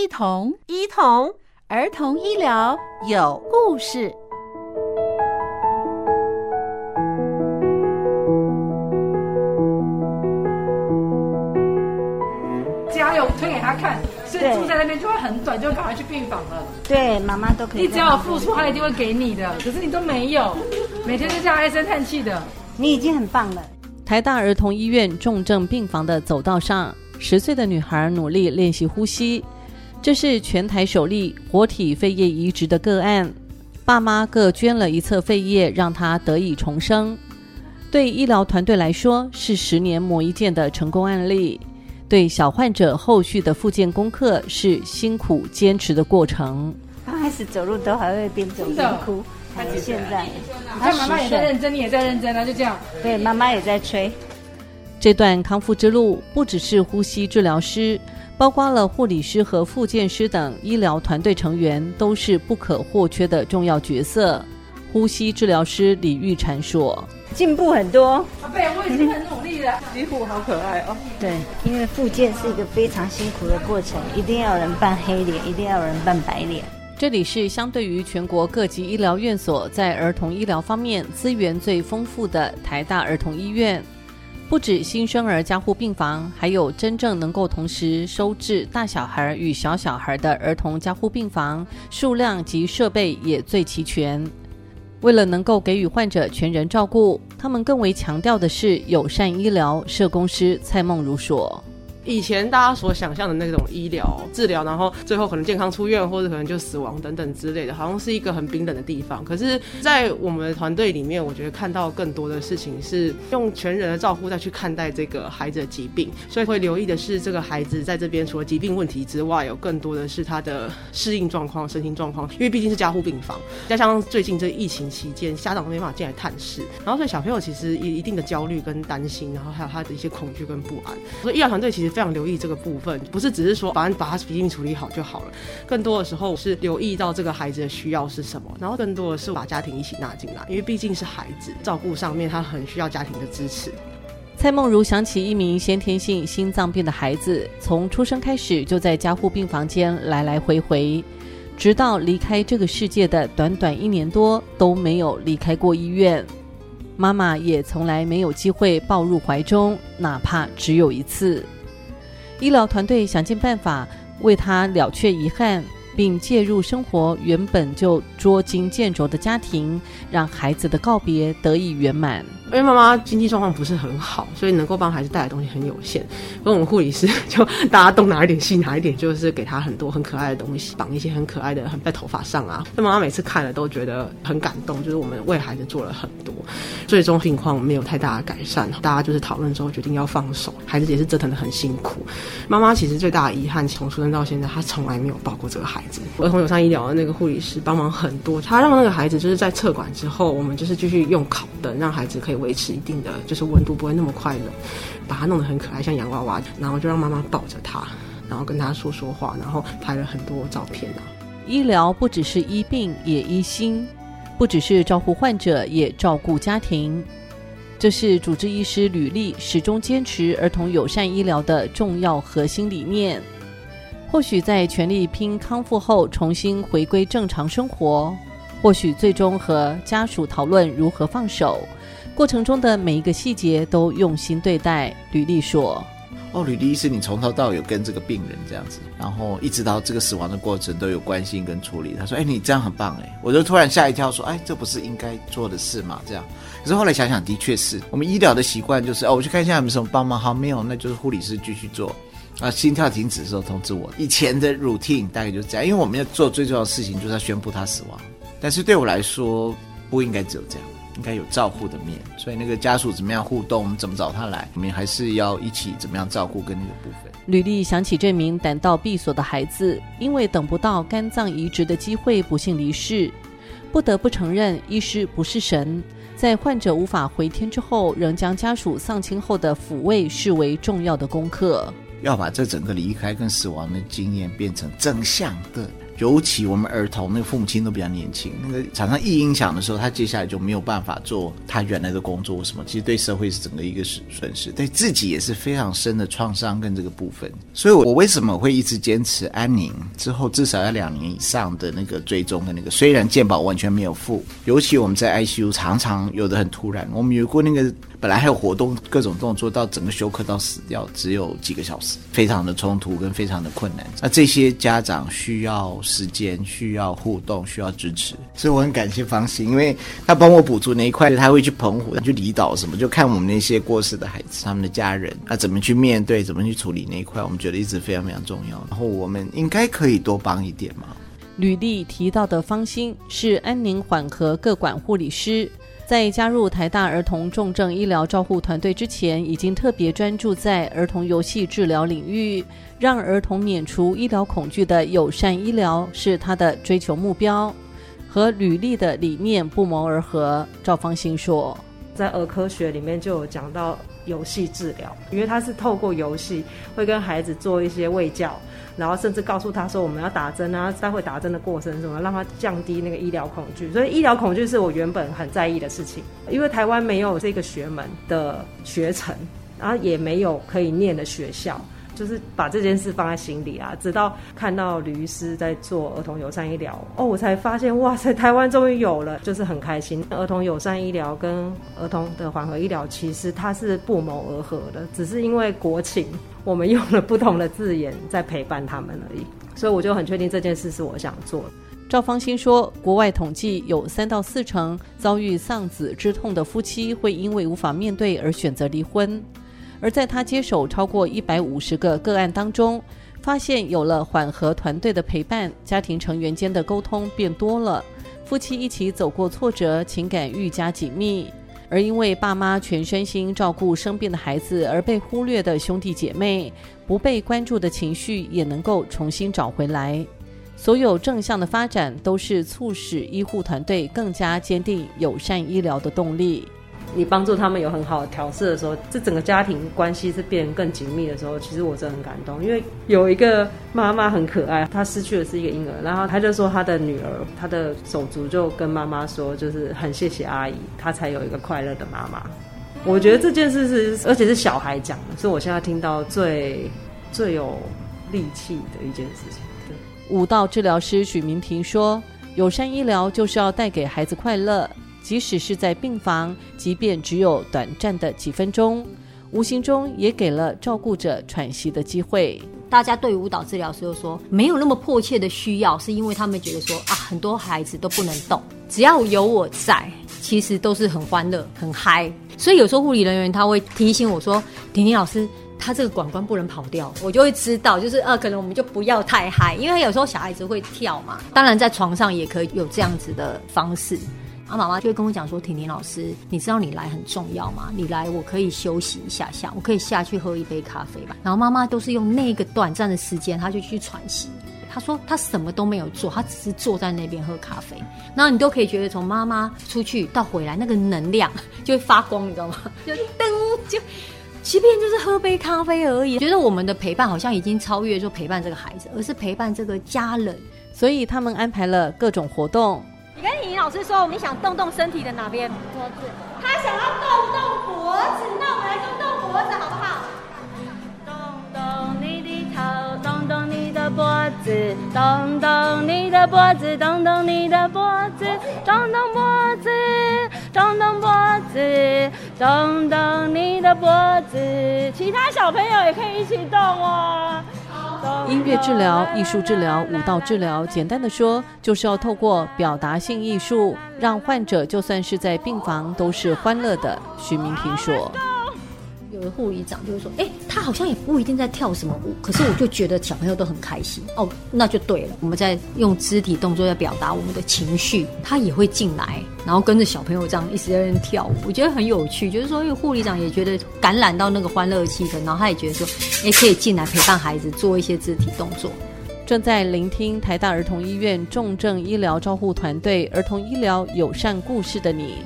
一同醫童兒童醫療友故事。加油推給他看，對所以住在那邊就會很短，就趕快去病房了。對，媽媽都可以。你只要有付出，他一定會給你的。可是你都沒有，每天就這樣唉聲嘆氣的。你已經很棒了。台大兒童醫院重症病房的走道上，十歲的女孩努力練習呼吸。這是全台首例活體肺葉移植的個案，爸媽各捐了一側肺葉，讓他得以重生。對醫療團隊來說，是十年磨一劍的成功案例；對小患者後續的復健功課，是辛苦堅持的過程。剛開始走路都還會邊走邊哭，是、嗯、現在他十歲媽媽也在認真，你也在認真，那就這樣。對，媽媽也在吹。這段康復之路，不只是呼吸治療師。包括了護理師和復健師等醫療團隊成員，都是不可或缺的重要角色。呼吸治療師李玉嬋說：“進步很多，對，我已經很努力了。幾乎好可愛哦。”對，因為復健是一個非常辛苦的過程，一定要有人扮黑臉，一定要有人扮白臉。這裡是相對於全國各級醫療院所在兒童醫療方面資源最豐富的台大兒童醫院。不止新生兒加護病房，還有真正能夠同時收治大小孩與小小孩的兒童加護病房，數量及設備也最齊全。為了能夠給予患者全人照顧，他們更為強調的是友善醫療。社工師蔡夢如說。以前大家所想象的那種醫療治療，然後最後可能健康出院，或者可能就死亡等等之類的，好像是一個很冰冷的地方。可是，在我們的團隊裡面，我覺得看到更多的事情是用全人的照顧再去看待這個孩子的疾病，所以會留意的是這個孩子在這邊除了疾病問題之外，有更多的是他的適應狀況、身心狀況。因為畢竟是加護病房，加上最近這疫情期間，家長都沒辦法進來探視，然後所以小朋友其實也一定的焦慮跟擔心，然後還有他的一些恐懼跟不安。所以醫療團隊其實。要留意這個部分，不是只是說反正把他疾病處理好就好了，更多的時候是留意到這個孩子的需要是什麼，然後更多的是把家庭一起納進來，因為畢竟是孩子，照顧上面他很需要家庭的支持。蔡夢如想起一名先天性心臟病的孩子，從出生開始就在加護病房間來來回回，直到離開這個世界的短短一年多都沒有離開過醫院，媽媽也從來沒有機會抱入懷中，哪怕只有一次。醫療團隊想盡辦法為他了卻遺憾，並介入生活原本就捉襟見肘的家庭，讓孩子的告別得以圓滿。因為媽媽經濟狀況不是很好，所以能夠幫孩子帶的東西很有限。所以我們護理師就大家東拿一點西拿一點，就是給他很多很可愛的東西，綁一些很可愛的很在頭髮上啊。但媽媽每次看了都覺得很感動，就是我們為孩子做了很多。最終情況沒有太大的改善，大家就是討論之後決定要放手。孩子也是折騰的很辛苦。媽媽其實最大的遺憾，從出生到現在，她從來沒有抱過這個孩子。兒童友善醫療的那個護理師幫忙很很多，他讓那個孩子就是在測管之後，我們就是繼續用烤燈，讓孩子可以維持一定的，就是溫度不會那麼快冷，把它弄得很可愛，像洋娃娃，然後就讓媽媽抱着他，然後跟他說說話，然後拍了很多照片啊。醫療不只是醫病，也醫心；不只是照顧患者，也照顧家庭。這是主治醫師呂立始終堅持兒童友善醫療的重要核心理念。或許在全力拼康復後重新回歸正常生活，或許最終和家屬討論如何放手，過程中的每一個細節都用心對待。呂立說：“哦，呂立是你從頭到尾跟這個病人這樣子，然後一直到這個死亡的過程都有關心跟處理。他說：‘哎，你這樣很棒！’哎，我就突然嚇一跳，說：‘哎，這不是應該做的事嗎？’這樣，可是後來想想，的確是，我們醫療的習慣就是：哦，我去看一下有沒有什麼幫忙。好，沒有，那就是護理師繼續做。”啊，心跳停止的時候通知我。以前的 routine 大概就是這樣，因為我們要做最重要的事情，就是要宣布他死亡。但是對我來說，不應該只有這樣，應該有照顧的面。所以那個家屬怎麼樣互動，我們怎麼找他來，我們還是要一起怎麼樣照顧跟那個部分。呂立想起這名膽道閉鎖的孩子，因為等不到肝臟移植的機會，不幸離世。不得不承認，醫師不是神，在患者無法回天之後，仍將家屬喪親後的撫慰視為重要的功課。要把這整個離開跟死亡的經驗變成正向的，尤其我們兒童那個父母親都比較年輕，那個產生一影響的時候，他接下來就沒有辦法做他原來的工作什麼，其實對社會是整個一個損失，對自己也是非常深的創傷跟這個部分。所以，我為什麼會一直堅持安寧之後至少要兩年以上的那個追蹤的那個？雖然健保完全沒有付，尤其我們在 ICU 常常有的很突然，我們有過那個。本來還有活動，各種動作，到整個休克到死掉，只有幾個小時，非常的衝突跟非常的困難。那、啊、這些家長需要時間，需要互動，需要支持，所以我很感謝方心，因為他幫我補足那一塊，他會去澎湖，去離島什麼，就看我們那些過世的孩子，他們的家人，那、啊、怎麼去面對，怎麼去處理那一塊，我們覺得一直非常非常重要。然後我們應該可以多幫一點嘛。呂立提到的方心是安寧緩和各管護理師。在加入台大兒童重症醫療照護團隊之前，已經特別專注在兒童遊戲治療領域，讓兒童免除醫療恐懼的友善醫療是他的追求目標，和呂立的理念不謀而合。趙方新說，在兒科學裡面就有講到。遊戲治療，因為他是透過遊戲會跟孩子做一些衛教，然後甚至告訴他說我們要打針啊，待會打針的過程是什麼，讓他降低那個醫療恐懼。所以醫療恐懼是我原本很在意的事情，因為台灣沒有這個學門的學程，然後也沒有可以念的學校。就是把這件事放在心裡啊，直到看到呂立在做兒童友善醫療，哦，我才發現哇塞，台灣終於有了，就是很開心。兒童友善醫療跟兒童的緩和醫療其實它是不謀而合的，只是因為國情，我們用了不同的字眼在陪伴他們而已。所以我就很確定這件事是我想做的。趙方心說，國外統計有三到四成遭遇喪子之痛的夫妻會因為無法面對而選擇離婚。而在他接手超過一百五十個個案當中，發現有了緩和團隊的陪伴，家庭成員間的溝通變多了，夫妻一起走過挫折，情感愈加緊密。而因為爸媽全身心照顧生病的孩子而被忽略的兄弟姐妹，不被關注的情緒也能夠重新找回來。所有正向的發展，都是促使醫護團隊更加堅定友善醫療的動力。你幫助他們有很好的調試的時候，這整個家庭關係是變得更緊密的時候，其實我真的很感動，因為有一個媽媽很可愛，她失去的是一個嬰兒，然後她就說她的女兒，她的手足就跟媽媽說，就是很謝謝阿姨，她才有一個快樂的媽媽。我覺得這件事是，而且是小孩講的，是我現在聽到最最有力氣的一件事情。對。舞蹈治療師許明婷說：“友善醫療就是要帶給孩子快樂。”即使是在病房，即便只有短暫的幾分鐘，無形中也給了照顧者喘息的機會。大家對舞蹈治療時又說，所以說沒有那麼迫切的需要，是因為他們覺得說啊，很多孩子都不能動，只要有我在，其實都是很歡樂、很嗨。所以有時候護理人員他會提醒我說：“婷婷老師，他這個管關不能跑掉。”我就會知道，就是呃、啊，可能我們就不要太嗨，因為有時候小孩子會跳嘛。當然，在床上也可以有這樣子的方式。啊，媽媽就會跟我講說：“婷婷老師，你知道你來很重要嗎？你來，我可以休息一下下，我可以下去喝一杯咖啡吧。”然後媽媽都是用那個短暫的時間，她就去喘息。她說她什麼都沒有做，她只是坐在那邊喝咖啡。然後你都可以覺得，從媽媽出去到回來，那個能量就會發光，你知道嗎？就噔，就，即便就是喝杯咖啡而已，覺得我們的陪伴好像已經超越說陪伴這個孩子，而是陪伴這個家人。所以他們安排了各種活動。你跟怡怡老師說，你想動動身體的哪邊？脖子。他想要動動脖子，那我們來動動脖子，好不好？動動你的頭，動動你的脖子，動動你的脖子，動動你的脖子，動動脖子，動動脖子，動動你的脖子。其他小朋友也可以一起動哦。音樂治療、藝術治療、舞蹈治療，簡單的說，就是要透過表達性藝術，讓患者就算是在病房都是歡樂的。徐明平說：“有的護理長就會說，哎。”他好像也不一定在跳什麼舞，可是我就覺得小朋友都很開心哦，那就對了。我們在用肢體動作在表達我們的情緒，他也會進來，然後跟着小朋友這樣一直在那邊跳舞，我覺得很有趣。就是說，因為護理長也覺得感染到那個歡樂氣氛，然後他也覺得說，誒，可以進來陪伴孩子做一些肢體動作。正在聆聽台大兒童醫院重症醫療照護團隊兒童醫療友善故事的你，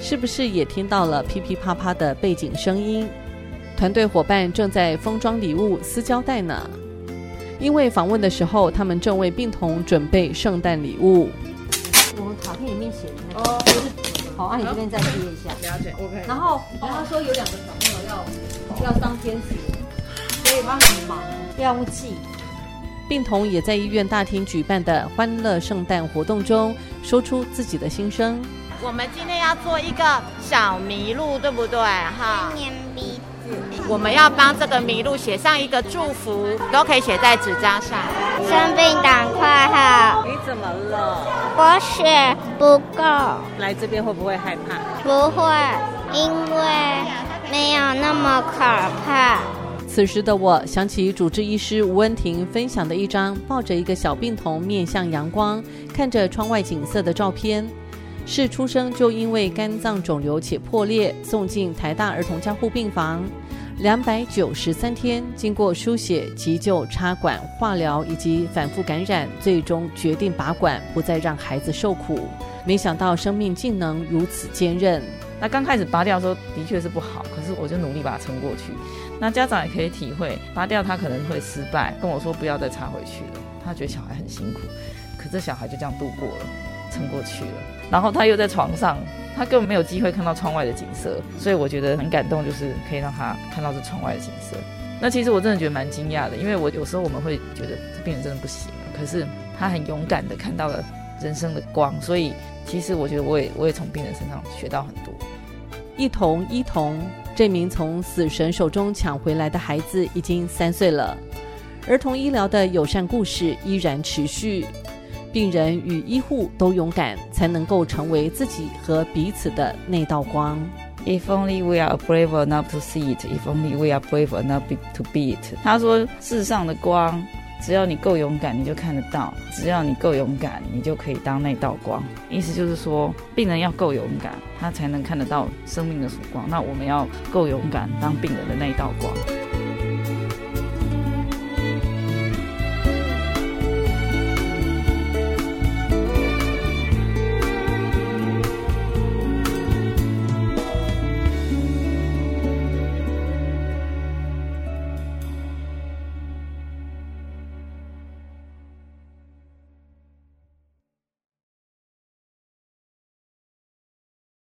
是不是也聽到了噼噼啪啪啪的背景聲音？團隊夥伴正在封裝禮物、撕膠帶呢，因為訪問的時候，他們正為病童準備聖誕禮物。我們卡片裡面寫的那個，好，啊你這邊再貼一下。了解，OK。然後，好像說有兩個小朋友要要當天使，所以他很忙，要記。病童也在醫院大廳舉辦的歡樂聖誕活動中說出自己的心聲。我們今天要做一個小麋鹿，對不對？哈。年比。 我們要幫這個麋鹿寫上一個祝福，都可以寫在紙張上。生病趕快哈！你怎麼了？我血不夠。來這邊會不會害怕？不會，因為沒有那麼可怕。此時的我，想起主治醫師吳恩婷分享的一張抱着一個小病童、面向陽光、看着窗外景色的照片，是出生就因為肝臟腫瘤且破裂，送進台大兒童加護病房。兩百九十三天，經過輸血、急救、插管、化療以及反覆感染，最終決定拔管，不再讓孩子受苦。沒想到生命竟能如此堅韌。那剛開始拔掉的時候，的確是不好，可是我就努力把它撐過去。那家長也可以體會，拔掉他可能會失敗，跟我說不要再插回去了，他覺得小孩很辛苦。可這小孩就這樣度過了，撐過去了。然後他又在床上，他根本沒有機會看到窗外的景色，所以我覺得很感動，就是可以讓他看到這窗外的景色。那其實我真的覺得蠻驚訝的，因為我有時候我們會覺得這病人真的不行，可是他很勇敢的看到了人生的光，所以其實我覺得我也我也從病人身上學到很多。一同醫童，這名從死神手中搶回來的孩子已經三歲了，兒童醫療的友善故事依然持續。病人與醫護都勇敢，才能夠成為自己和彼此的那道光。If only we are brave enough to see it, if only we are brave enough to be it。他說，世上的光，只要你夠勇敢，你就看得到；只要你夠勇敢，你就可以當那道光。意思就是說，病人要夠勇敢，他才能看得到生命的曙光。那我們要夠勇敢，當病人的那道光。